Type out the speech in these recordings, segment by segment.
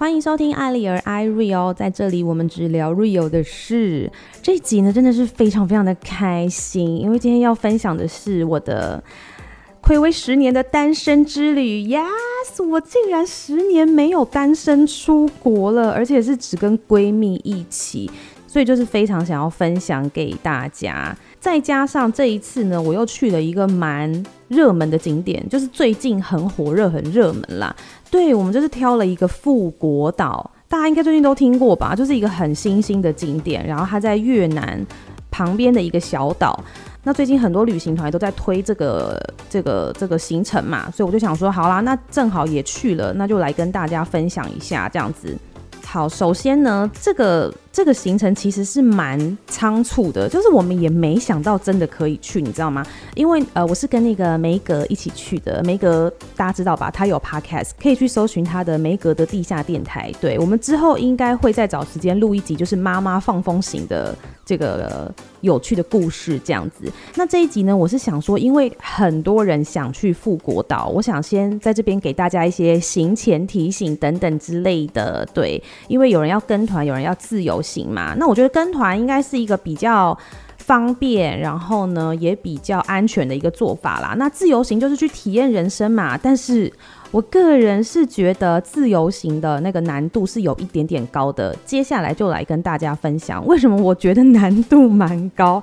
歡迎收聽艾莉兒 I real，在這裡我們只聊 real 的事。這一集呢，真的是非常非常的開心，因為今天要分享的是我的暌違十年的單身之旅。Yes，我竟然十年沒有單身出國了，而且是只跟閨蜜一起，所以就是非常想要分享給大家。再加上這一次呢，我又去了一個蠻熱門的景點，就是最近很火熱、很熱門啦。對，我們就是挑了一個富國島，大家應該最近都聽過吧？就是一個很新興的景點，然後它在越南旁邊的一個小島。那最近很多旅行團都在推這個、這個、這個行程嘛，所以我就想說，好啦，那正好也去了，那就來跟大家分享一下這樣子。好，首先呢，這個、這個行程其實是蠻倉促的，就是我們也沒想到真的可以去，你知道嗎？因為呃，我是跟那個梅格一起去的，梅格大家知道吧？他有 podcast，可以去搜尋他的梅格的地下電台。對，我們之後應該會再找時間錄一集，就是媽媽放風行的這個、呃、有趣的故事這樣子。那這一集呢，我是想說，因為很多人想去富國島，我想先在這邊給大家一些行前提醒等等之類的。對，因為有人要跟團，有人要自由。行嘛，那我覺得跟團應該是一個比較方便，然後呢也比較安全的一個做法啦。那自由行就是去體驗人生嘛，但是我個人是覺得自由行的那個難度是有一點點高的。接下來就來跟大家分享為什麼我覺得難度蠻高。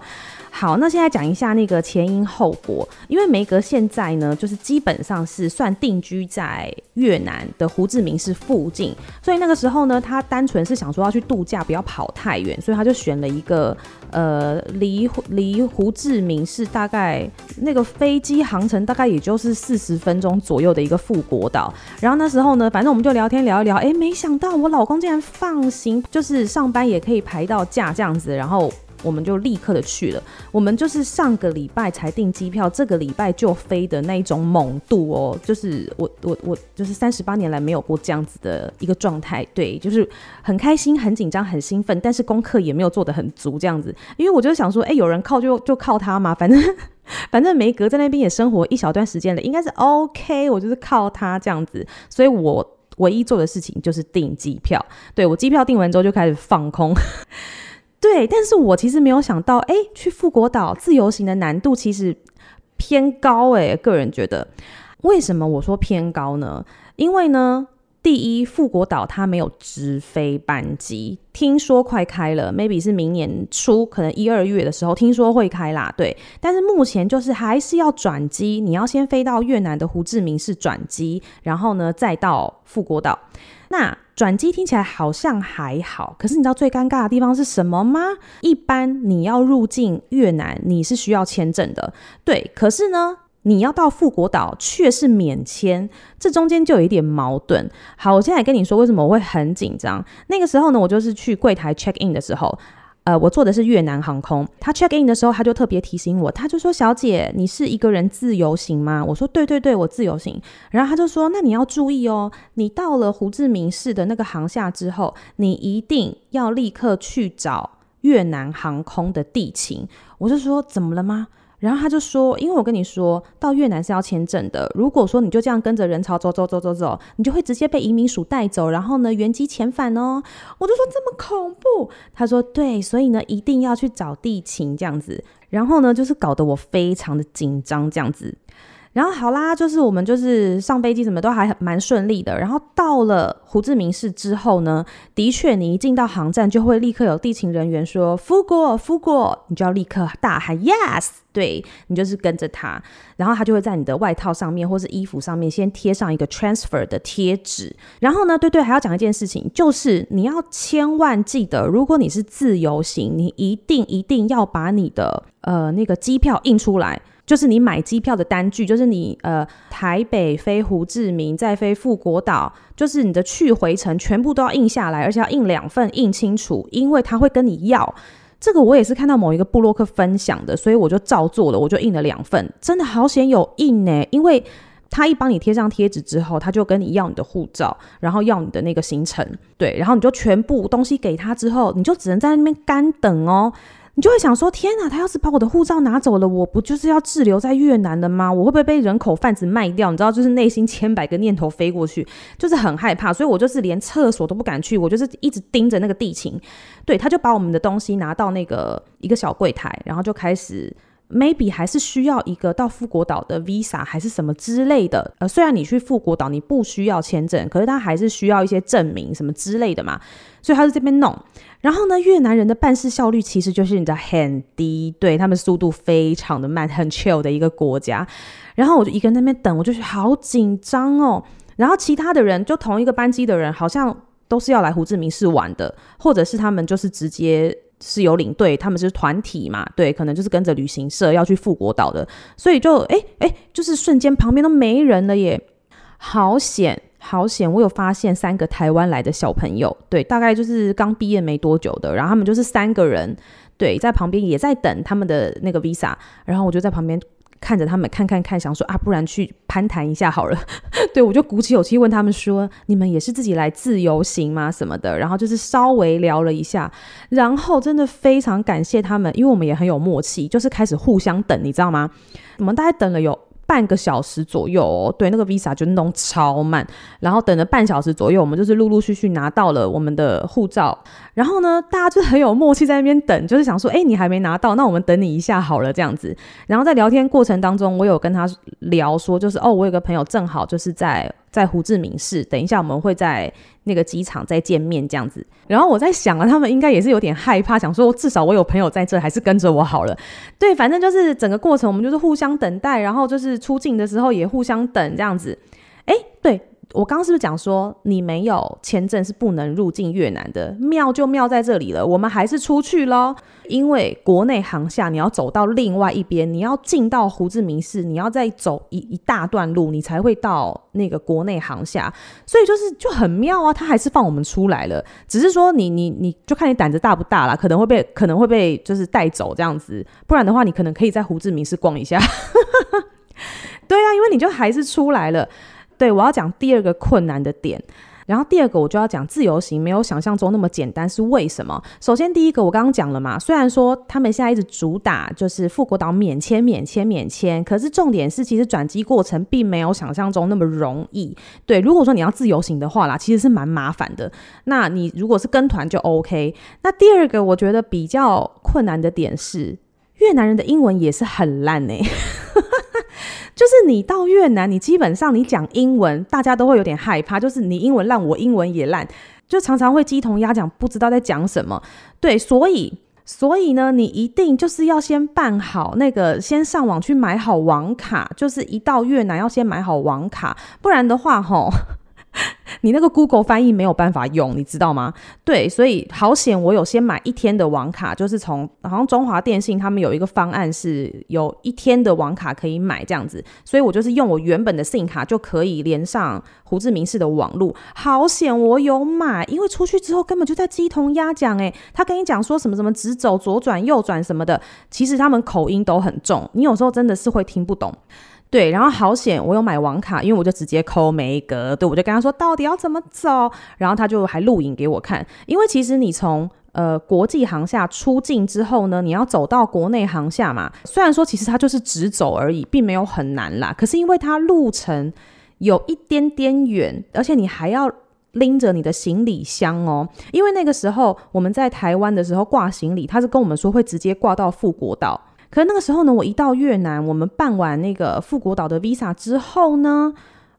好，那現在講一下那個前因後果，因為梅格現在呢，就是基本上是算定居在越南的胡志明市附近，所以那個時候呢，他單純是想說要去度假，不要跑太遠，所以他就選了一個呃離離胡志明市大概那個飛機航程大概也就是四十分鐘左右的一個富國島。然後那時候呢，反正我們就聊天聊一聊，哎、欸，沒想到我老公竟然放行，就是上班也可以排到假這樣子，然後。我們就立刻的去了，我們就是上個禮拜才訂機票，這個禮拜就飛的那一種猛度哦，就是我我我就是三十八年來沒有過這樣子的一個狀態，對，就是很開心、很緊張、很興奮，但是功課也沒有做得很足這樣子，因為我就想說，哎，有人靠就就靠他嘛，反正反正梅格在那邊也生活一小段時間了，應該是 OK，我就是靠他這樣子，所以我唯一做的事情就是訂機票，對，我機票訂完之後就開始放空。對，但是我其實沒有想到，哎，去富國島自由行的難度其實偏高誒，個人覺得，為什麼我說偏高呢？因為呢，第一，富國島它沒有直飛班機，聽說快開了，maybe 是明年初，可能一二月的時候，聽說會開啦。對，但是目前就是還是要轉機，你要先飛到越南的胡志明市轉機，然後呢，再到富國島。那轉機聽起來好像還好，可是你知道最尷尬的地方是什麼嗎？一般你要入境越南，你是需要簽證的，對。可是呢，你要到富國島卻是免簽，這中間就有一點矛盾。好，我現在跟你說為什麼我會很緊張。那個時候呢，我就是去櫃檯 check in 的時候。呃，我坐的是越南航空，他 check in 的時候，他就特別提醒我，他就說：“小姐，你是一個人自由行嗎？”我說：“對對對，我自由行。”然後他就說：“那你要注意哦，你到了胡志明市的那個航廈之後，你一定要立刻去找越南航空的地勤。”我就說：“怎麼了嗎？”然後他就說，因為我跟你說到越南是要簽證的，如果說你就這樣跟着人潮走走走走走，你就會直接被移民署帶走，然後呢原機遣返。哦我就說這麼恐怖？他說對，所以呢一定要去找地勤這樣子，然後呢就是搞得我非常的緊張這樣子。然後好啦，就是我們就是上飛機，什麼都還蠻順利的。然後到了胡志明市之後呢，的確，你一進到航站，就會立刻有地勤人員說“富國富國”，你就要立刻大喊 “Yes”，對你就是跟着他，然後他就會在你的外套上面或是衣服上面先貼上一個 “Transfer” 的貼紙。然後呢，對對，還要講一件事情，就是你要千萬記得，如果你是自由行，你一定一定要把你的呃那個機票印出來。就是你買機票的單據，就是你呃台北飛胡志明，再飛富國島，就是你的去回程全部都要印下來，而且要印兩份，印清楚，因為他會跟你要。這個我也是看到某一個部落客分享的，所以我就照做了，我就印了兩份，真的好險有印呢、欸，因為他一幫你貼上貼紙之後，他就跟你要你的護照，然後要你的那個行程，對，然後你就全部東西給他之後，你就只能在那邊乾等哦、喔。你就會想說：天哪，他要是把我的護照拿走了，我不就是要滯留在越南了嗎？我會不會被人口販子賣掉？你知道，就是內心千百個念頭飛過去，就是很害怕，所以我就是連廁所都不敢去，我就是一直盯着那個地勤，對，他就把我們的東西拿到那個一個小櫃台，然後就開始。maybe 還是需要一個到富國島的 visa 還是什麼之類的，呃，雖然你去富國島你不需要簽證，可是他還是需要一些證明什麼之類的嘛，所以他就這邊弄。然後呢，越南人的辦事效率其實就是你知道很低，對，他們速度非常的慢，很 chill 的一個國家。然後我就一個人在那邊等，我就是好緊張哦。然後其他的人就同一個班機的人，好像都是要來胡志明市玩的，或者是他們就是直接。是有領隊，他們是團體嘛，對，可能就是跟着旅行社要去富國島的，所以就哎哎、欸欸，就是瞬間旁邊都沒人了耶，也好險好險！我有發現三個台灣來的小朋友，對，大概就是剛畢業沒多久的，然後他們就是三個人，對，在旁邊也在等他們的那個 visa，然後我就在旁邊。看着他們看看看，想說啊，不然去攀談一下好了。 對，我就鼓起勇氣問他們說：“你們也是自己來自由行嗎？什麼的？”然後就是稍微聊了一下，然後真的非常感謝他們，因為我們也很有默契，就是開始互相等，你知道嗎？我們大概等了有。半個小時左右，哦，對，那個 visa 就弄超慢，然後等了半小時左右，我們就是陸陸續續拿到了我們的護照。然後呢，大家就很有默契在那邊等，就是想說，誒，你還沒拿到，那我們等你一下好了，這樣子。然後在聊天過程當中，我有跟他聊說，就是哦，我有個朋友正好就是在。在胡志明市，等一下，我們會在那個機場再見面，這樣子。然後我在想啊，他們應該也是有點害怕，想說，至少我有朋友在這，還是跟着我好了。對，反正就是整個過程，我們就是互相等待，然後就是出境的時候也互相等，這樣子。哎、欸，對。我剛剛是不是講說你沒有簽證是不能入境越南的？妙就妙在這裡了，我們還是出去咯。因為國內航廈你要走到另外一邊，你要進到胡志明市，你要再走一一大段路，你才會到那個國內航廈。所以就是就很妙啊，他還是放我們出來了。只是說你你你就看你膽子大不大啦，可能會被可能會被就是帶走這樣子，不然的話你可能可以在胡志明市逛一下。 對啊，因為你就還是出來了。對，我要講第二個困難的點，然後第二個我就要講自由行沒有想象中那麼簡單，是為什麼？首先第一個我剛剛講了嘛，雖然說他們現在一直主打就是富國島免簽、免簽、免簽，可是重點是其實轉機過程並沒有想象中那麼容易。對，如果說你要自由行的話啦，其實是蠻麻煩的。那你如果是跟團就 OK。那第二個我覺得比較困難的點是，越南人的英文也是很爛呢、欸。就是你到越南，你基本上你講英文，大家都會有點害怕。就是你英文爛，我英文也爛，就常常會雞同鴨講，不知道在講什麼。對，所以所以呢，你一定就是要先辦好那個，先上網去買好網卡，就是一到越南要先買好網卡，不然的話，吼。你那個 Google 翻譯沒有辦法用，你知道嗎？對，所以好險我有先買一天的網卡，就是從好像中華電信他們有一個方案是有一天的網卡可以買這樣子，所以我就是用我原本的 SIM 卡就可以連上胡志明市的網絡。好險我有買，因為出去之後根本就在雞同鴨講誒，他跟你講說什麼什麼直走、左轉、右轉什麼的，其實他們口音都很重，你有時候真的是會聽不懂。對，然後好險，我有買網卡，因為我就直接摳每一格。對，我就跟他說到底要怎麼走，然後他就還錄影給我看。因為其實你從呃國際航廈出境之後呢，你要走到國內航廈嘛。雖然說其實它就是直走而已，並沒有很難啦。可是因為它路程有一點點遠，而且你還要拎着你的行李箱哦。因為那個時候我們在台灣的時候掛行李，他是跟我們說會直接掛到富國島。可是那個時候呢，我一到越南，我們辦完那個富國島的 visa 之後呢，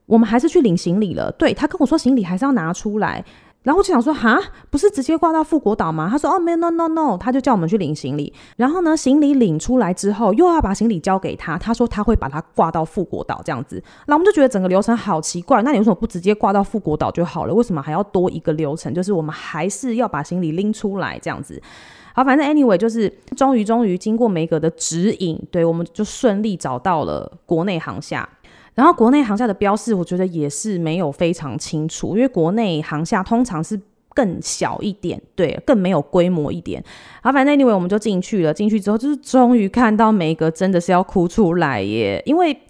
我們還是去領行李了。對，他跟我說行李還是要拿出來，然後我就想說哈，不是直接掛到富國島嗎？他說哦，沒有，no no no no，他就叫我們去領行李。然後呢，行李領出來之後，又要把行李交給他，他說他會把它掛到富國島這樣子。那我們就覺得整個流程好奇怪，那你為什麼不直接掛到富國島就好了？為什麼還要多一個流程？就是我們還是要把行李拎出來這樣子。好，反正 anyway，就是終於終於經過梅格的指引，對，我們就順利找到了國內航廈。然後國內航廈的標示，我覺得也是沒有非常清楚，因為國內航廈通常是更小一點，對，更沒有規模一點。好，反正 anyway，我們就進去了。進去之後，就是終於看到梅格真的是要哭出來耶，因為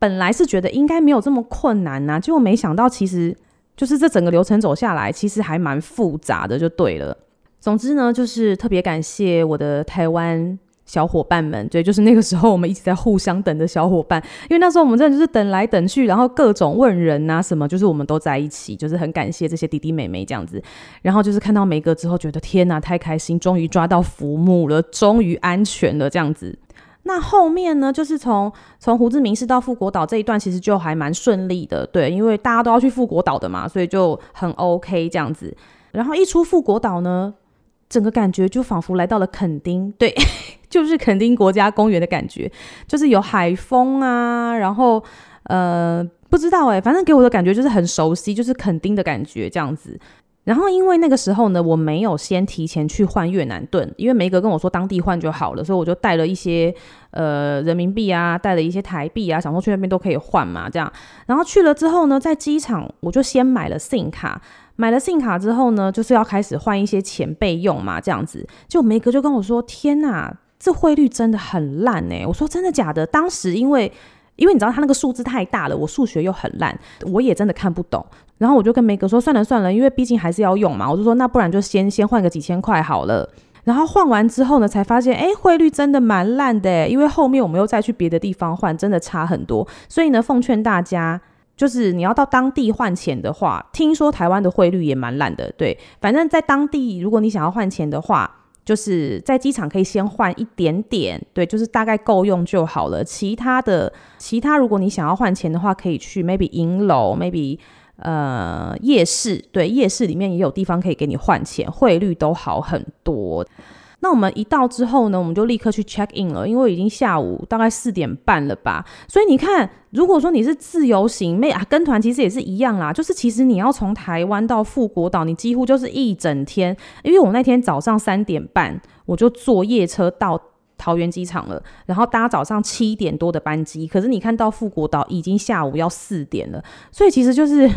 本來是覺得應該沒有這麼困難吶、啊，結果沒想到其實就是這整個流程走下來，其實還蠻複雜的，就對了。總之呢，就是特別感謝我的台灣小伙伴們，對，就是那個時候我們一起在互相等的小夥伴，因為那時候我們真的就是等來等去，然後各種問人啊什麼，就是我們都在一起，就是很感謝這些弟弟妹妹這樣子。然後就是看到梅哥之後，覺得天哪，太開心，終於抓到浮木了，終於安全了這樣子。那後面呢，就是從從胡志明市到富國島這一段，其實就還蠻順利的，對，因為大家都要去富國島的嘛，所以就很 OK 這樣子。然後一出富國島呢。整個感覺就仿佛來到了墾丁，對，就是墾丁國家公園的感覺，就是有海風啊，然後呃不知道誒、欸，反正給我的感覺就是很熟悉，就是墾丁的感覺這樣子。然後因為那個時候呢，我沒有先提前去換越南盾，因為梅格跟我說當地換就好了，所以我就帶了一些呃人民幣啊，帶了一些台幣啊，想說去那邊都可以換嘛這樣。然後去了之後呢，在機場我就先買了 SIM 卡。買了信卡之後呢，就是要開始換一些錢備用嘛，這樣子，就梅格就跟我說：“天哪，這匯率真的很爛欸！”我說：“真的假的？”當時因為，因為你知道他那個數字太大了，我數學又很爛，我也真的看不懂。然後我就跟梅格說：“算了算了，因為畢竟還是要用嘛。”我就說：“那不然就先先換個幾千塊好了。”然後換完之後呢，才發現哎，匯率真的蠻爛的，因為後面我們又再去別的地方換，真的差很多。所以呢，奉勸大家。就是你要到當地換錢的話，聽說台灣的匯率也蠻爛的，對。反正在當地，如果你想要換錢的話，就是在機場可以先換一點點，對，就是大概夠用就好了。其他的，其他如果你想要換錢的話，可以去 maybe 銀樓，maybe 呃夜市，對，夜市裡面也有地方可以給你換錢，匯率都好很多。那我們一到之後呢，我們就立刻去 check in 了，因為已經下午大概四點半了吧。所以你看，如果說你是自由行，妹啊，跟團其實也是一樣啦。就是其實你要從台灣到富國島，你幾乎就是一整天。因為我那天早上三點半我就坐夜車到桃園機場了，然後搭早上七點多的班機。可是你看到富國島已經下午要四點了，所以其實就是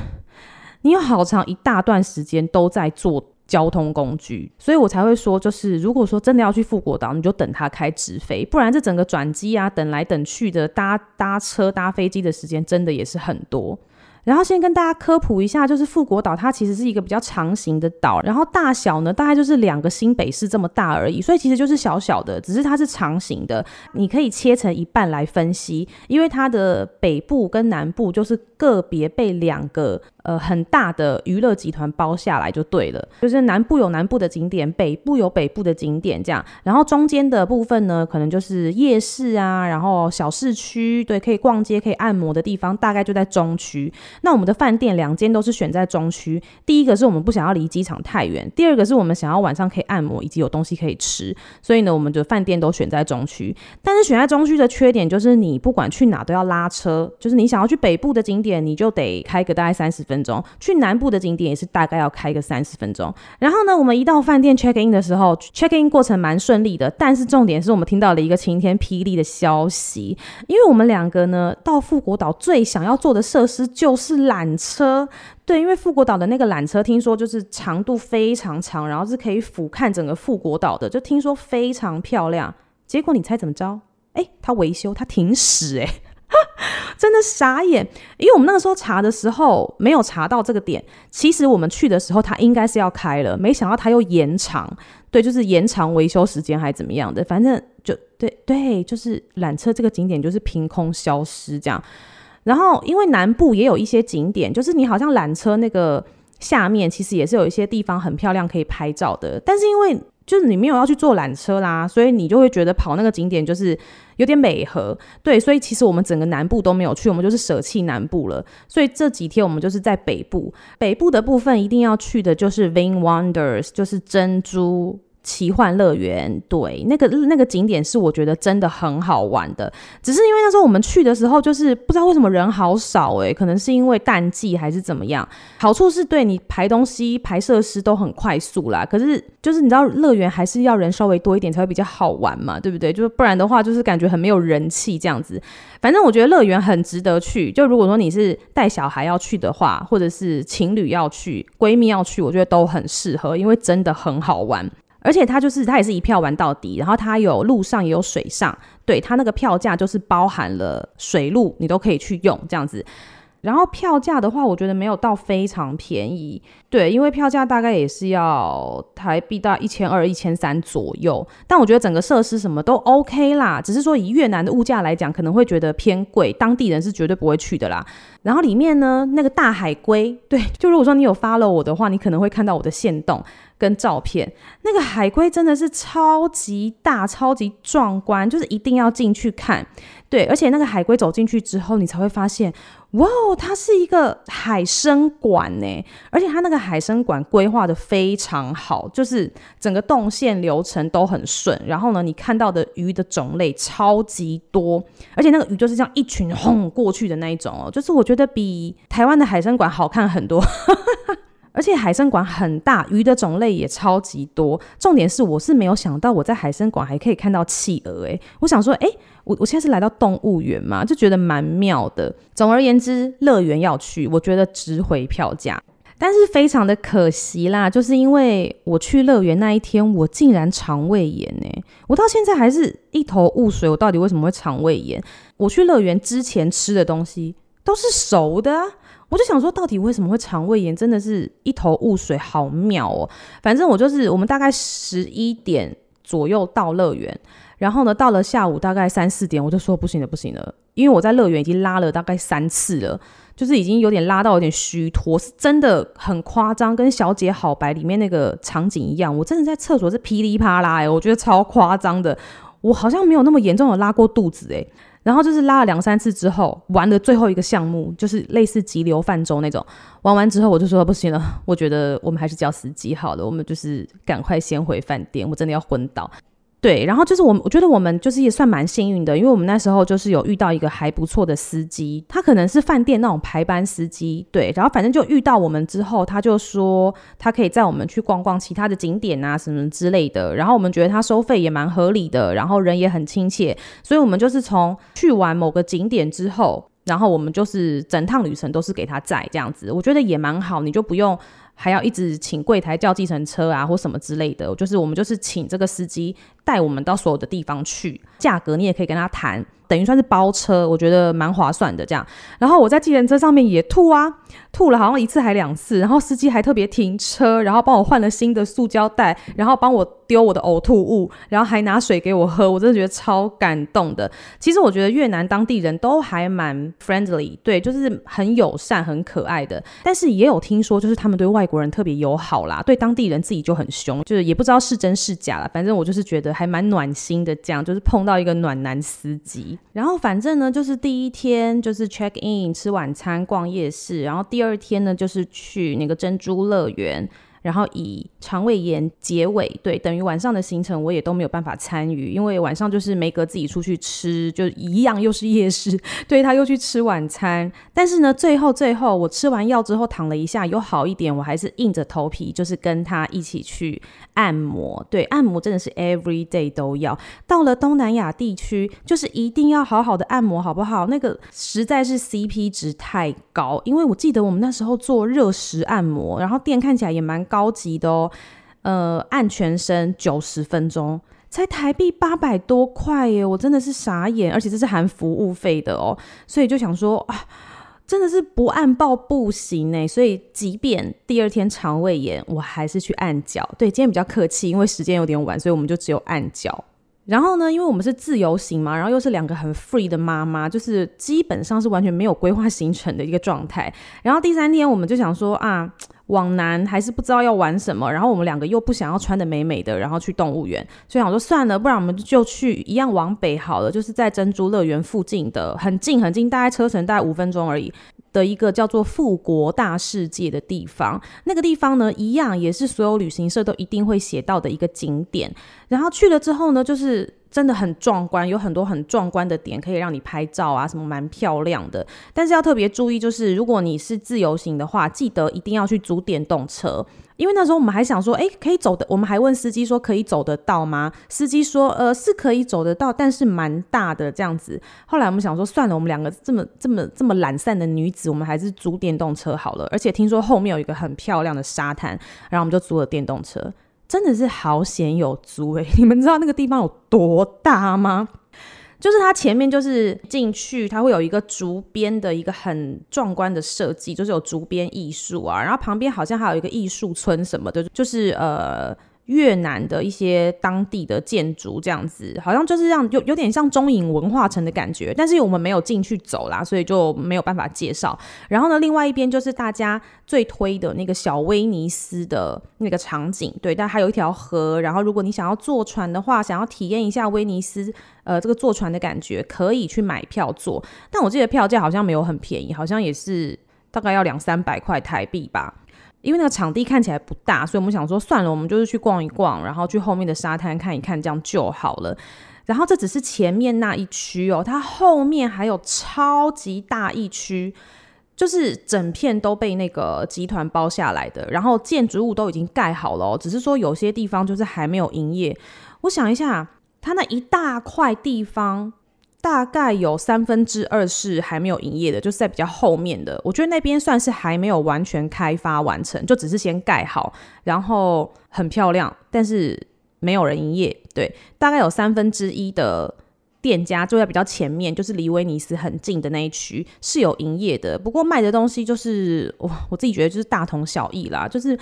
你有好長一大段時間都在坐。交通工具，所以我才會說，就是如果說真的要去富國島，你就等他開直飛，不然這整個轉機啊，等來等去的搭搭車、搭飛機的時間，真的也是很多。然後先跟大家科普一下，就是富國島它其實是一個比較長型的島，然後大小呢，大概就是兩個新北市這麼大而已，所以其實就是小小的，只是它是長形的，你可以切成一半來分析，因為它的北部跟南部就是個別被兩個。呃，很大的娛樂集團包下來就對了，就是南部有南部的景點，北部有北部的景點，這樣，然後中間的部分呢，可能就是夜市啊，然後小市區，對，可以逛街，可以按摩的地方，大概就在中區。那我們的飯店兩間都是選在中區，第一個是我們不想要離機場太遠，第二個是我們想要晚上可以按摩以及有東西可以吃，所以呢，我們的飯店都選在中區。但是選在中區的缺點就是你不管去哪兒都要拉車，就是你想要去北部的景點，你就得開個大概三十分。去南部的景點也是大概要開個三十分鐘。然後呢，我們一到飯店 check in 的時候，check in 過程蠻順利的。但是重點是我們聽到了一個晴天霹靂的消息，因為我們兩個呢到富國島最想要做的設施就是纜車。對，因為富國島的那個纜車聽說就是長度非常長，然後是可以俯瞰整個富國島的，就聽說非常漂亮。結果你猜怎麼着？哎、欸，它維修，它停駛、欸，哎。哈，真的傻眼，因為我們那個時候查的時候沒有查到這個點，其實我們去的時候它應該是要開了，沒想到他又延長，對，就是延長維修時間還是怎麼樣的，反正就對對，就是纜車這個景點就是憑空消失這樣。然後因為南部也有一些景點，就是你好像纜車那個下面其實也是有一些地方很漂亮可以拍照的，但是因為就是你沒有要去坐纜車啦，所以你就會覺得跑那個景點就是有點美和對，所以其實我們整個南部都沒有去，我們就是捨棄南部了。所以這幾天我們就是在北部，北部的部分一定要去的就是 VinWonders，就是珍珠。奇幻樂園，對，那個那個景點是我覺得真的很好玩的。只是因為那時候我們去的時候，就是不知道為什麼人好少欸，可能是因為淡季還是怎麼樣。好處是對你排東西、排設施都很快速啦。可是就是你知道，樂園還是要人稍微多一點才會比較好玩嘛，對不對？就是不然的話，就是感覺很沒有人氣這樣子。反正我覺得樂園很值得去。就如果說你是帶小孩要去的話，或者是情侶要去、閨蜜要去，我覺得都很適合，因為真的很好玩。而且它就是它也是一票玩到底，然後它有路上也有水上，對，它那個票價就是包含了水路，你都可以去用這樣子。然後票價的話，我覺得沒有到非常便宜，對，因為票價大概也是要台幣到一千二、一千三左右。但我覺得整個設施什麼都 OK 啦，只是說以越南的物價來講，可能會覺得偏貴，當地人是絕對不會去的啦。然後裡面呢，那個大海龜，對，就如果說你有 follow 我的話，你可能會看到我的限動跟照片。那個海龜真的是超級大、超級壯觀，就是一定要進去看。對，而且那個海龜走進去之後，你才會發現，哇，哦，它是一個海生館呢、欸。而且它那個海生館規劃的非常好，就是整個動線流程都很順。然後呢，你看到的魚的種類超級多，而且那個魚就是這樣一群哄過去的那一種哦，就是我。覺得比台灣的海生館好看很多， 而且海生館很大，魚的種類也超級多。重點是，我是沒有想到我在海生館還可以看到企鵝、欸，我想說，欸、我我現在是來到動物園嘛，就覺得蠻妙的。總而言之，樂園要去，我覺得值回票價。但是非常的可惜啦，就是因為我去樂園那一天，我竟然腸胃炎、欸，我到現在還是一頭霧水，我到底為什麼會腸胃炎？我去樂園之前吃的東西。都是熟的啊，我就想說，到底為什麼會腸胃炎？真的是一頭霧水，好妙哦。反正我就是，我們大概十一點左右到樂園，然後呢，到了下午大概三四點，我就說不行了，不行了，因為我在樂園已經拉了大概三次了，就是已經有點拉到有點虛脫，是真的很誇張，跟《小姐好白》裡面那個場景一樣。我真的在廁所是噼里啪啦哎，我覺得超誇張的，我好像沒有那麼嚴重的拉過肚子哎。然後就是拉了兩三次之後，玩的最後一個項目就是類似激流泛舟那種。玩完之後，我就說不行了，我覺得我們還是叫司機好了。我們就是趕快先回飯店，我真的要昏倒。對，然後就是我們，我覺得我們就是也算蠻幸運的，因為我們那時候就是有遇到一個還不錯的司機，他可能是飯店那種排班司機，對，然後反正就遇到我們之後，他就說他可以載我們去逛逛其他的景點啊什麼之類的，然後我們覺得他收費也蠻合理的，然後人也很親切，所以我們就是從去完某個景點之後，然後我們就是整趟旅程都是給他載這樣子，我覺得也蠻好，你就不用。還要一直請櫃台叫計程車啊，或什麼之類的，就是我們就是請這個司機帶我們到所有的地方去，價格你也可以跟他談，等於算是包車，我覺得蠻划算的這樣。然後我在計程車上面也吐啊，吐了好像一次還兩次，然後司機還特別停車，然後幫我換了新的塑膠袋，然後幫我丟我的嘔吐物，然後還拿水給我喝，我真的覺得超感動的。其實我覺得越南當地人都還蠻 friendly，對，就是很友善、很可愛的，但是也有聽說就是他們對外國國人特別友好啦，對當地人自己就很兇，就是也不知道是真是假啦。反正我就是覺得還蠻暖心的這樣，就是碰到一個暖男司機。然後反正呢，就是第一天就是 check in 吃晚餐、逛夜市，然後第二天呢就是去那個珍珠樂園。然後以腸胃炎結尾，對，等於晚上的行程我也都沒有辦法參與，因為晚上就是梅格自己出去吃，就一樣又是夜市，對，他又去吃晚餐。但是呢，最後最後我吃完藥之後躺了一下，有好一點，我還是硬着頭皮就是跟他一起去按摩。對，按摩真的是 every day 都要。到了東南亞地區，就是一定要好好的按摩，好不好？那個實在是 CP 值，太高，因為我記得我們那時候做熱石按摩，然後店看起來也蠻。高級的哦，呃，按全身九十分鐘，才台幣八百多塊耶，我真的是傻眼，而且這是含服務費的哦，所以就想說，啊，真的是不按爆不行耶。所以即便第二天腸胃炎，我還是去按腳。對，今天比較客氣，因為時間有點晚，所以我們就只有按腳。然後呢，因為我們是自由行嘛，然後又是兩個很 free 的媽媽，就是基本上是完全沒有規劃行程的一個狀態。然後第三天，我們就想說啊，往南還是不知道要玩什麼。然後我們兩個又不想要穿得美美的，然後去動物園，就想說算了，不然我們就去一樣往北好了，就是在珍珠樂園附近的，很近很近，大概車程大概五分鐘而已。的一個叫做“富國大世界”的地方，那個地方呢，一樣也是所有旅行社都一定會寫到的一個景點。然後去了之後呢，就是，真的很壯觀，有很多很壯觀的點可以讓你拍照啊，什麼蠻漂亮的。但是要特別注意，就是如果你是自由行的話，記得一定要去租電動車，因為那時候我們還想說，哎，可以走的，我們還問司機說可以走得到嗎？司機說，呃，是可以走得到，但是蠻大的這樣子。後來我們想說，算了，我們兩個這麼這麼這麼懶散的女子，我們還是租電動車好了。而且聽說後面有一個很漂亮的沙灘，然後我們就租了電動車。真的是好險有豬誒、欸，你們知道那個地方有多大嗎？就是它前面就是進去，它會有一個竹編的一個很壯觀的設計，就是有竹編藝術啊。然後旁邊好像還有一個藝術村什麼的，就是呃。越南的一些當地的建築，這樣子好像就是讓有有點像中影文化城的感覺，但是我們沒有進去走啦，所以就沒有辦法介紹。然後呢，另外一邊就是大家最推的那個小威尼斯的那個場景，對，但它有一條河，然後如果你想要坐船的話，想要體驗一下威尼斯，呃，這個坐船的感覺，可以去買票坐。但我記得票價好像沒有很便宜，好像也是大概要兩三百塊台幣吧。因為那個場地看起來不大，所以我們想說算了，我們就是去逛一逛，然後去後面的沙灘看一看，這樣就好了。然後這只是前面那一區哦，它後面還有超級大一區，就是整片都被那個集團包下來的，然後建築物都已經蓋好了哦，只是說有些地方就是還沒有營業。我想一下，它那一大塊地方。大概有三分之二是還沒有營業的，就是在比較後面的。我覺得那邊算是還沒有完全開發完成，就只是先蓋好，然後很漂亮，但是沒有人營業。對，大概有三分之一的店家就在比較前面，就是離威尼斯很近的那一區是有營業的，不過賣的東西就是我我自己覺得就是大同小異啦，就是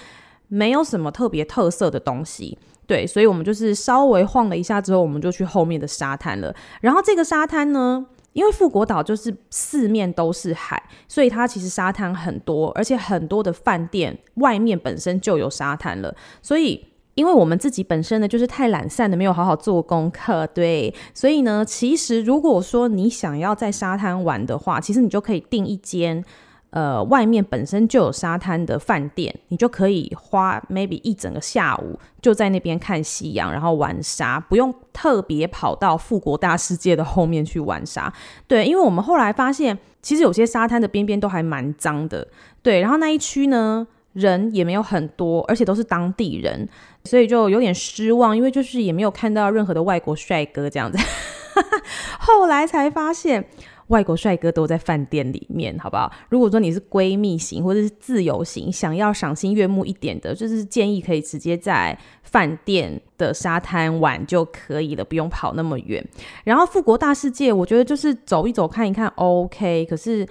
沒有什麼特別特色的東西。對，所以我們就是稍微晃了一下之後，我們就去後面的沙灘了。然後這個沙灘呢，因為富國島就是四面都是海，所以它其實沙灘很多，而且很多的飯店外面本身就有沙灘了。所以，因為我們自己本身呢就是太懶散的，沒有好好做功課，對，所以呢，其實如果說你想要在沙灘玩的話，其實你就可以訂一間。呃，外面本身就有沙灘的飯店，你就可以花 maybe 一整個下午就在那邊看夕陽，然後玩沙，不用特別跑到富國大世界的後面去玩沙。對，因為我們後來發現，其實有些沙灘的邊邊都還蠻髒的，對。然後那一區呢，人也沒有很多，而且都是當地人，所以就有點失望，因為就是也沒有看到任何的外國帥哥這樣子。 後來才發現。外國帥哥都在飯店裡面，好不好？如果說你是閨蜜型或者是自由型，想要賞心悅目一點的，就是建議可以直接在飯店的沙灘玩就可以了，不用跑那麼遠。然後富國大世界，我覺得就是走一走看一看，OK。可是，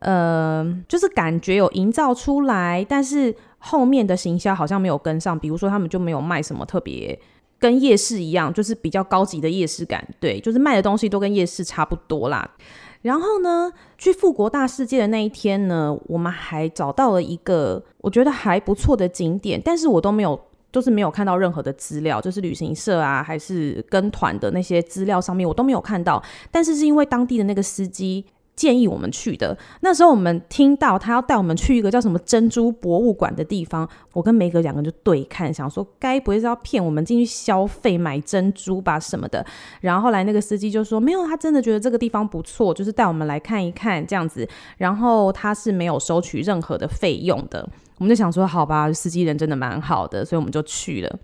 呃，就是感覺有營造出來，但是後面的行銷好像沒有跟上，比如說他們就沒有賣什麼特別跟夜市一樣，就是比較高級的夜市感。對，就是賣的東西都跟夜市差不多啦。然後呢，去富國大世界的那一天呢，我們還找到了一個我覺得還不錯的景點，但是我都沒有，就是沒有看到任何的資料，就是旅行社啊，還是跟團的那些資料上面我都沒有看到，但是是因為當地的那個司機。建議我們去的。那時候我們聽到他要帶我們去一個叫什麼珍珠博物館的地方，我跟梅格兩個人就對看，想說該不會是要騙我們進去消費買珍珠吧什麼的。然後後來那個司機就說沒有，他真的覺得這個地方不錯，就是帶我們來看一看這樣子。然後他是沒有收取任何的費用的。我們就想說好吧，司機人真的蠻好的，所以我們就去了。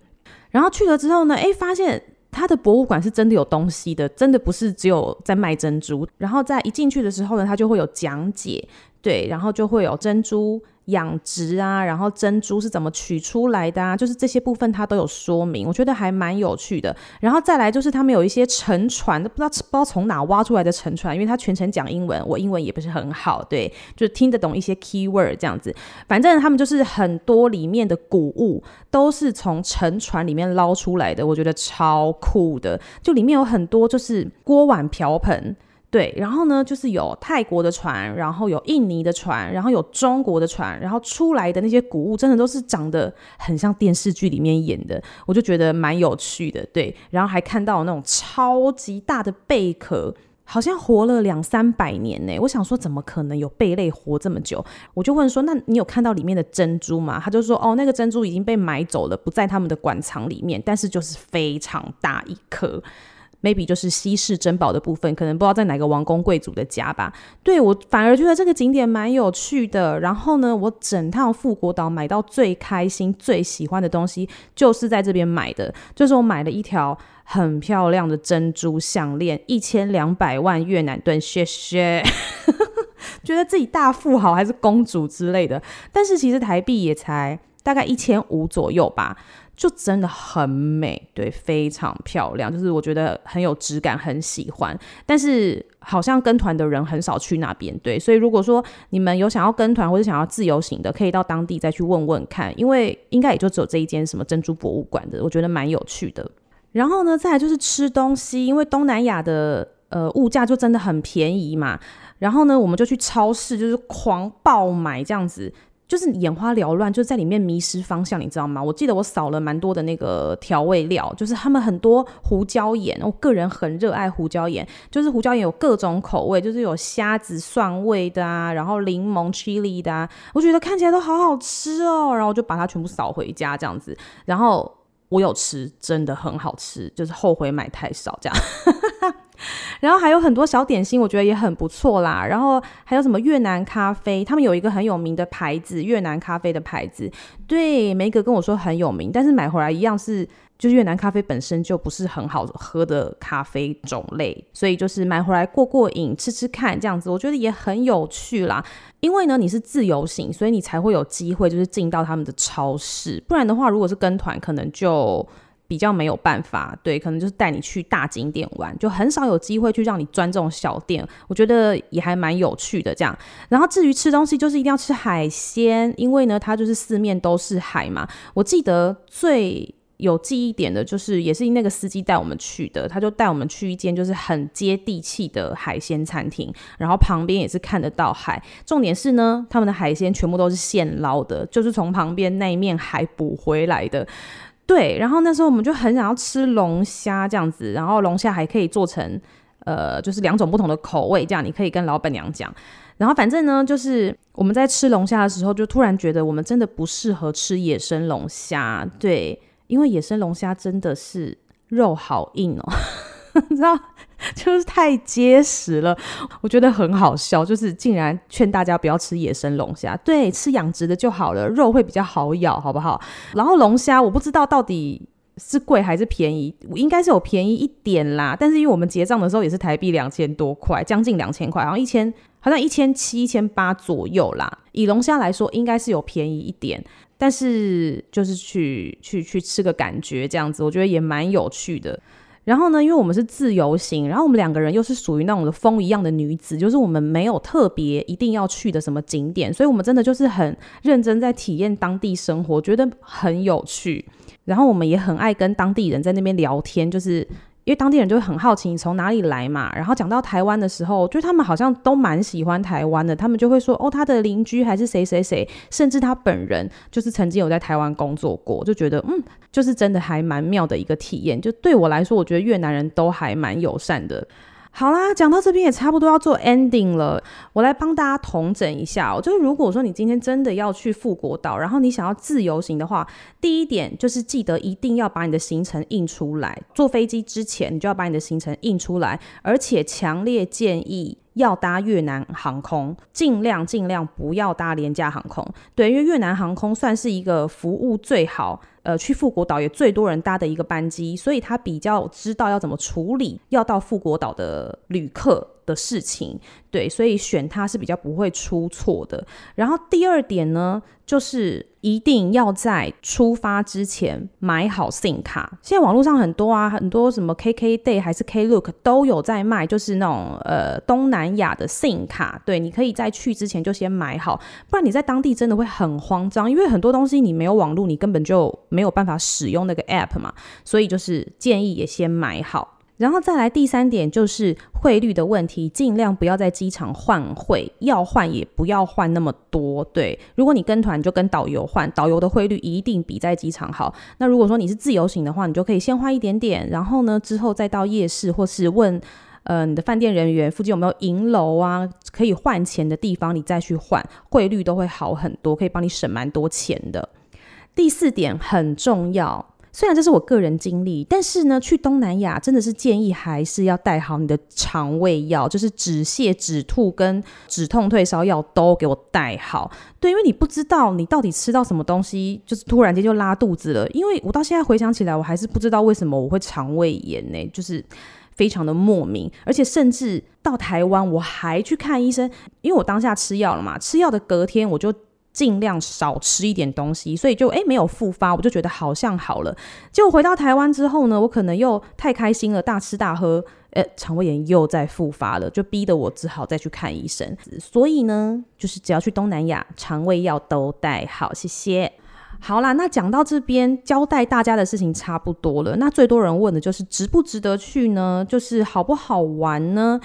然後去了之後呢，誒，發現。它的博物館是真的有東西的，真的不是只有在賣珍珠。然後在一進去的時候呢，它就會有講解，對，然後就會有珍珠。養殖啊，然後珍珠是怎麼取出來的啊，就是這些部分它都有說明，我覺得還蠻有趣的。然後再來就是他們有一些沉船，都不知道不知道從哪兒挖出來的沉船。因為他全程講英文，我英文也不是很好，對，就聽得懂一些 key word 這樣子。反正他們就是很多裡面的古物都是從沉船裡面撈出來的，我覺得超酷的。就裡面有很多就是鍋碗瓢盆。對，然後呢，就是有泰國的船，然後有印尼的船，然後有中國的船，然後出來的那些古物真的都是長得很像電視劇裡面演的，我就覺得蠻有趣的。對，然後還看到那種超級大的貝殼，好像活了兩三百年呢。我想說，怎麼可能有貝類活這麼久？我就問說，那你有看到裡面的珍珠嗎？他就說，哦，那個珍珠已經被買走了，不在他們的館藏裡面，但是就是非常大一顆。maybe 就是稀世珍寶的部分，可能不知道在哪個王公貴族的家吧。對，我反而覺得這個景點蠻有趣的。然後呢，我整趟富國島買到最開心、最喜歡的東西就是在這邊買的，就是我買了一條很漂亮的珍珠項鏈，一千兩百萬越南盾，謝謝。 覺得自己大富豪還是公主之類的，但是其實台幣也才大概一千五左右吧。就真的很美，對，非常漂亮，就是我覺得很有質感，很喜歡。但是好像跟團的人很少去那邊，對。所以如果說你們有想要跟團或者想要自由行的，可以到當地再去問問看，因為應該也就只有這一間什麼珍珠博物館的，我覺得蠻有趣的。然後呢，再來就是吃東西，因為東南亞的呃物價就真的很便宜嘛。然後呢，我們就去超市就是狂爆買這樣子。就是眼花繚亂，就在裡面迷失方向，你知道嗎？我記得我掃了蠻多的那個調味料，就是他們很多胡椒鹽，我個人很熱愛胡椒鹽，就是胡椒鹽有各種口味，就是有蝦子蒜味的啊，然後檸檬 chili 的啊，我覺得看起來都好好吃哦、喔，然後就把它全部掃回家這樣子，然後我有吃，真的很好吃，就是後悔買太少這樣。 然後還有很多小點心，我覺得也很不錯啦。然後還有什麼越南咖啡？他們有一個很有名的牌子，越南咖啡的牌子。對，梅格跟我說很有名，但是買回來一樣是，就是越南咖啡本身就不是很好喝的咖啡種類，所以就是買回來過過癮，吃吃看這樣子，我覺得也很有趣啦。因為呢，你是自由行，所以你才會有機會就是進到他們的超市，不然的話，如果是跟團，可能就。比較沒有辦法，對，可能就是帶你去大景點玩，就很少有機會去讓你鑽這種小店。我覺得也還蠻有趣的這樣。然後至於吃東西，就是一定要吃海鮮，因為呢，它就是四面都是海嘛。我記得最有記憶點的就是，也是那個司機帶我們去的，他就帶我們去一間就是很接地氣的海鮮餐廳，然後旁邊也是看得到海，重點是呢，他們的海鮮全部都是現撈的，就是從旁邊那一面海捕回來的。對，然後那時候我們就很想要吃龍蝦這樣子，然後龍蝦還可以做成呃，就是兩種不同的口味，這樣你可以跟老闆娘講。然後反正呢，就是我們在吃龍蝦的時候，就突然覺得我們真的不適合吃野生龍蝦，對，因為野生龍蝦真的是肉好硬哦，你 知道。 就是太結實了，我覺得很好笑，就是竟然勸大家不要吃野生龍蝦，對，吃養殖的就好了，肉會比較好咬，好不好？然後龍蝦我不知道到底是貴還是便宜，應該是有便宜一點啦。但是因為我們結賬的時候也是台幣兩千多塊，將近兩千塊，好像一千好像一千七、一千八左右啦。以龍蝦來說，應該是有便宜一點，但是就是去去去吃個感覺這樣子，我覺得也蠻有趣的。然後呢，因為我們是自由行，然後我們兩個人又是屬於那種的風一樣的女子，就是我們沒有特別一定要去的什麼景點，所以我們真的就是很認真在體驗當地生活，覺得很有趣。然後我們也很愛跟當地人在那邊聊天，就是。因為當地人就會很好奇你從哪裡來嘛，然後講到台灣的時候，就他們好像都蠻喜歡台灣的，他們就會說哦，他的鄰居還是誰誰誰，甚至他本人就是曾經有在台灣工作過，就覺得嗯，就是真的還蠻妙的一個體驗。就對我來說，我覺得越南人都還蠻友善的。好啦，講到這邊也差不多要做 ending 了，我來幫大家統整一下，喔。哦，就是如果說你今天真的要去富國島，然後你想要自由行的話，第一點就是記得一定要把你的行程印出來。坐飛機之前，你就要把你的行程印出來，而且強烈建議要搭越南航空，盡量盡量不要搭廉價航空。對，因為越南航空算是一個服務最好。呃，去富國島也最多人搭的一個班機，所以他比較知道要怎麼處理要到富國島的旅客的事情，對，所以選它是比較不會出錯的。然後第二點呢，就是一定要在出發之前買好 SIM 卡。現在網絡上很多啊，很多什麼 KKday 還是 Klook 都有在賣，就是那種呃東南亞的 SIM 卡。對，你可以在去之前就先買好，不然你在當地真的會很慌張，因為很多東西你沒有網絡，你根本就沒有辦法使用那個 app 嘛。所以就是建議也先買好。然後再來第三點就是匯率的問題，盡量不要在機場換匯，要換也不要換那麼多。對，如果你跟團就跟導遊換，導遊的匯率一定比在機場好。那如果說你是自由行的話，你就可以先換一點點，然後呢，之後再到夜市或是問呃你的飯店人員附近有沒有銀樓啊，可以換錢的地方，你再去換，匯率都會好很多，可以幫你省蠻多錢的。第四點很重要。雖然這是我個人經歷，但是呢，去東南亞真的是建議還是要帶好你的腸胃藥，就是止瀉、止吐跟止痛退燒藥都給我帶好。對，因為你不知道你到底吃到什麼東西，就是突然間就拉肚子了。因為我到現在回想起來，我還是不知道為什麼我會腸胃炎呢、欸，就是非常的莫名。而且甚至到台灣我還去看醫生，因為我當下吃藥了嘛，吃藥的隔天我就。盡量少吃一點東西，所以就誒沒有復發，我就覺得好像好了。結果回到台灣之後呢，我可能又太開心了，大吃大喝，誒，腸胃炎又再復發了，就逼得我只好再去看醫生。所以呢，就是只要去東南亞，腸胃藥都帶好。謝謝。好啦，那講到這邊，交代大家的事情差不多了。那最多人問的就是值不值得去呢？就是好不好玩呢？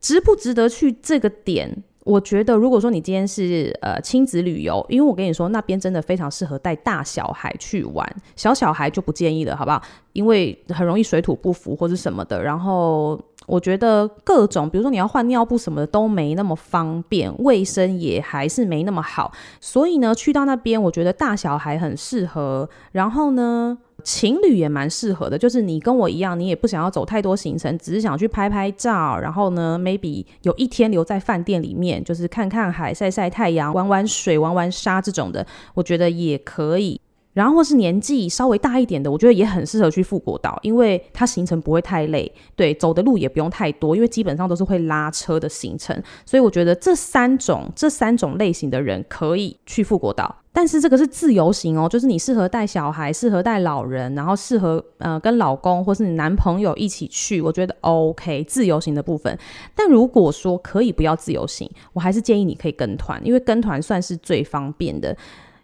值不值得去這個點？我覺得，如果說你今天是呃親子旅遊，因為我跟你說，那邊真的非常適合帶大小孩去玩，小小孩就不建議了，好不好？因為很容易水土不服或是什麼的。然後我覺得各種，比如說你要換尿布什麼的都沒那麼方便，衛生也還是沒那麼好。所以呢，去到那邊，我覺得大小孩很適合。然後呢？情侶也蠻適合的，就是你跟我一樣，你也不想要走太多行程，只是想去拍拍照，然後呢，maybe 有一天留在飯店裡面，就是看看海、曬曬太陽、玩玩水、玩玩沙這種的，我覺得也可以。然後或是年紀稍微大一點的，我覺得也很適合去富國島，因為它行程不會太累，對，走的路也不用太多，因為基本上都是會拉車的行程，所以我覺得這三種這三種類型的人可以去富國島。但是這個是自由行哦，就是你適合帶小孩，適合帶老人，然後適合呃跟老公或是你男朋友一起去，我覺得 OK，自由行的部分。但如果說可以不要自由行，我還是建議你可以跟團，因為跟團算是最方便的。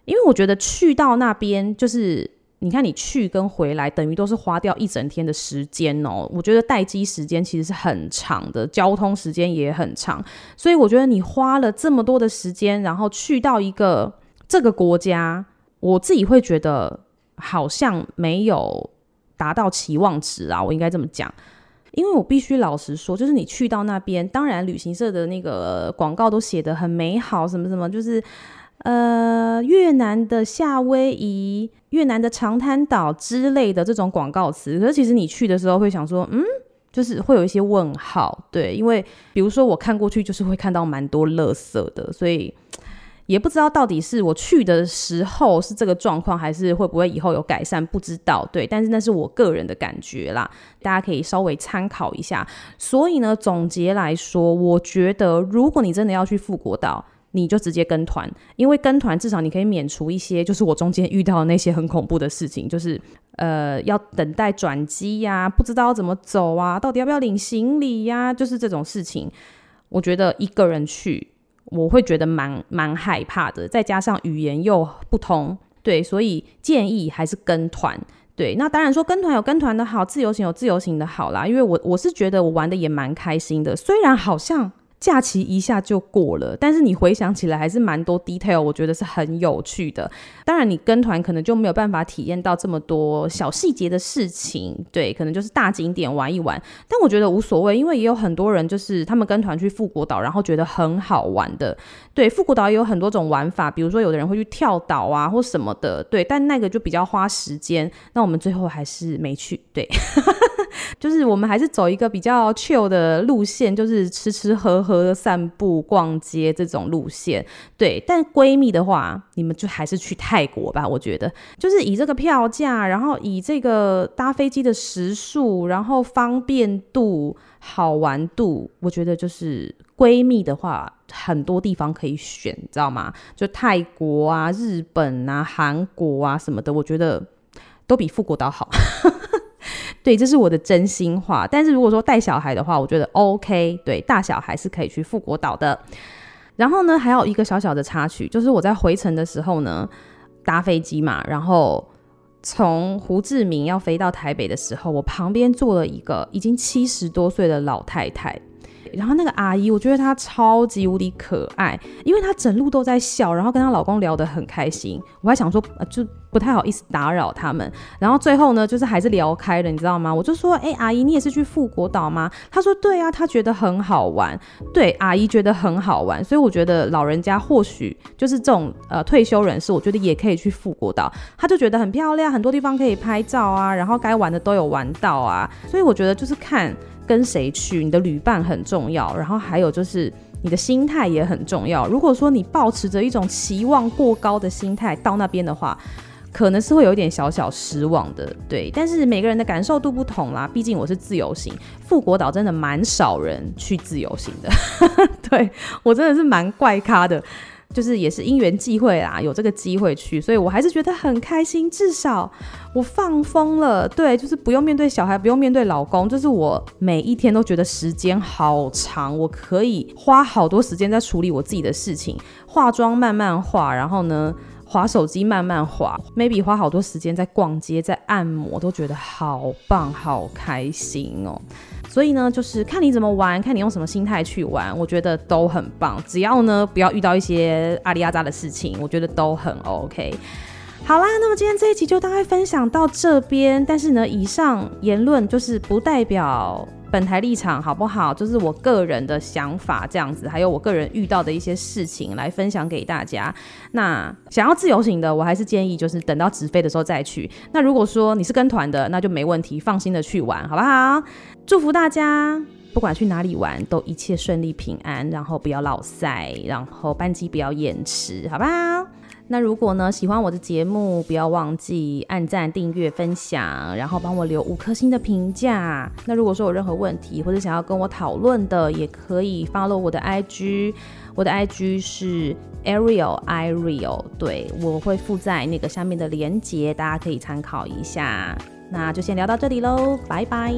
因為我覺得去到那邊就是，你看你去跟，回來等於都是花掉一整天的時間哦。我覺得待機時間其實是很長的，交通時間也很長，所以我覺得你花了這麼多的時間，然後去到一個這個國家，我自己會覺得好像沒有達到期望值啊，我應該這麼講。因為我必須老實說，就是你去到那邊，當然旅行社的那個廣告都寫得很美好，什麼什麼就是。呃，越南的夏威夷，越南的長灘島之類的這種廣告詞，可是其實你去的時候會想說，嗯，就是會有一些問號，對，因為比如說我看過去就是會看到蠻多垃圾的，所以也不知道到底是我去的時候是這個狀況，還是會不會以後有改善，不知道，對，但是那是我個人的感覺啦，大家可以稍微參考一下。所以呢，總結來說，我覺得如果你真的要去富國島，你就直接跟團，因為跟團至少你可以免除一些，就是我中間遇到的那些很恐怖的事情，就是呃要等待轉機呀，不知道要怎麼走啊，到底要不要領行李呀，就是這種事情，我覺得一個人去我會覺得蠻蠻害怕的，再加上語言又不通，對，所以建議還是跟團。對，那當然說跟團有跟團的好，自由行有自由行的好啦，因為我我是覺得我玩的也蠻開心的，雖然好像。假期一下就過了，但是你回想起來還是蠻多 detail，我覺得是很有趣的。當然，你跟團可能就沒有辦法體驗到這麼多小細節的事情，對，可能就是大景點玩一玩。但我覺得無所謂，因為也有很多人就是他們跟團去富國島，然後覺得很好玩的。對，富國島也有很多種玩法，比如說有的人會去跳島啊或什麼的，對，但那個就比較花時間。那我們最後還是沒去，對， 就是我們還是走一個比較 chill 的路線，就是吃吃喝喝。和散步、逛街這種路線，對，但閨蜜的話，你們就還是去泰國吧。我覺得，就是以這個票價，然後以這個搭飛機的時速，然後方便度、好玩度，我覺得就是閨蜜的話，很多地方可以選，你知道嗎？就泰國啊、日本啊、韓國啊什麼的，我覺得都比富國島好。 對，這是我的真心話。但是如果說帶小孩的話，我覺得 OK。對，大小孩是可以去富國島的。然後呢，還有一個小小的插曲，就是我在回程的時候呢，搭飛機嘛，然後從胡志明要飛到台北的時候，我旁邊坐了一個已經七十多歲的老太太。然後那個阿姨，我覺得她超級無敵可愛，因為她整路都在笑，然後跟她老公聊得很開心。我還想說，呃，就不太好意思打擾他們。然後最後呢，就是還是聊開了，你知道嗎？我就說，哎、欸，阿姨，你也是去富國島嗎？她說，對啊，她覺得很好玩。對，阿姨覺得很好玩，所以我覺得老人家或許就是這種呃退休人士，我覺得也可以去富國島。她就覺得很漂亮，很多地方可以拍照啊，然後該玩的都有玩到啊，所以我覺得就是看。跟誰去，你的旅伴很重要，然後還有就是你的心態也很重要。如果說你抱持着一種期望過高的心態到那邊的話，可能是會有一點小小失望的。對，但是每個人的感受度不同啦。畢竟我是自由行，富國島真的蠻少人去自由行的， 對，我真的是蠻怪咖的。就是也是因緣際會啦，有這個機會去，所以我還是覺得很開心。至少我放風了，對，就是不用面對小孩，不用面對老公，就是我每一天都覺得時間好長，我可以花好多時間在處理我自己的事情，化妝慢慢化，然後呢滑手機慢慢滑，maybe 花好多時間在逛街、在按摩，都覺得好棒、好開心哦、喔。所以呢，就是看你怎麼玩，看你用什麼心態去玩，我覺得都很棒。只要呢，不要遇到一些阿里阿扎的事情，我覺得都很 OK。好啦，那麼今天這一集就大概分享到這邊。但是呢，以上言論就是不代表本台立場，好不好？就是我個人的想法這樣子，還有我個人遇到的一些事情來分享給大家。那想要自由行的，我還是建議就是等到直飛的時候再去。那如果說你是跟團的，那就沒問題，放心的去玩，好不好？祝福大家，不管去哪裡玩都一切順利平安，然後不要落賽，然後班機不要延遲，好不好？那如果呢，喜歡我的節目，不要忘記按讚、訂閱、分享，然後幫我留五顆星的評價。那如果說有任何問題或者想要跟我討論的，也可以 follow 我的 IG，我的 IG 是 Ariel，Ireal，對，我會附在那個下面的連結，大家可以參考一下。那就先聊到這裡嘍，拜拜。